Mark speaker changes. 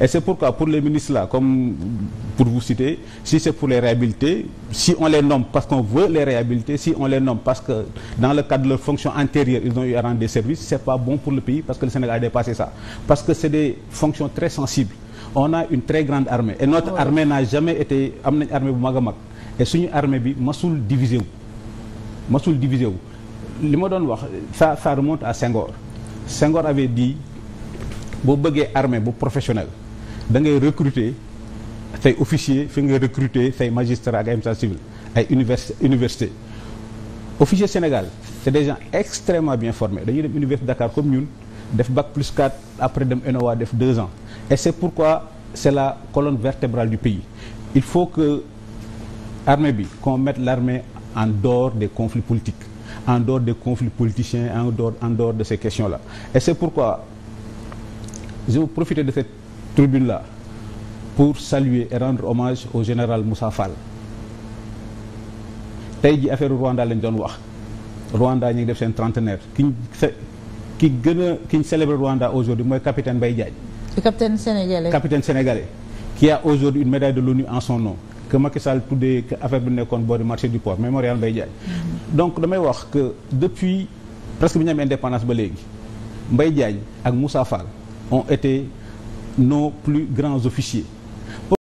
Speaker 1: Et c'est pourquoi pour les ministres là, comme pour vous citer, si c'est pour les réhabiliter, si on les nomme parce qu'on veut les réhabiliter, si on les nomme parce que dans le cadre de leur fonction antérieure, ils ont eu à rendre des services, c'est pas bon pour le pays parce que le Sénégal a dépassé ça. Parce que c'est des fonctions très sensibles. On a une très grande armée et notre armée n'a jamais été am nañ armée bu mag a mag et suñu armée bi masul divisé wu masul wu li ma doon wax ça ça à Senghor Senghor avait dit boo bëggee armée bu professionnel da ngay recruter say officier fi nga recruter fay magistrat ak ay état civil ay université université officier Sénégal c'est des gens extrêmement bien formés dañuy dem université Dakar comme ñun def bac plus 4 après dem ENOA def 2 ans et c'est pourquoi c'est la colonne vertébrale du pays il faut que armée bi qu'on mette l'armée en dehors des conflits politiques en dehors des conflits politiciens en dehors en dehors de ces questions-là et c'est pourquoi je veux profiter de cette tribune la pour saluer et rendre hommage au général mussa Fall tey ji affaire Rwanda lañ doon wax Rwanda ñu ngi def seen trentenaire ki ki gën a ki ñu célébrer Rwanda aujourd'hui mooy capitaine Mbaye Diagne.
Speaker 2: le capitaine sénégalais
Speaker 1: capitaine sénégalais. qui a aujourd'hui une médaille de l'ONU en son nom que Macky Sall tuddee que affaire bi nekkoon boo di marché du port mémorial Mbaye Diagne. Mm-hmm. donc damay wax que depuis presque bi ñu indépendance ba léegi mbay Diagne ak Moussa Fall nos plus grands officiers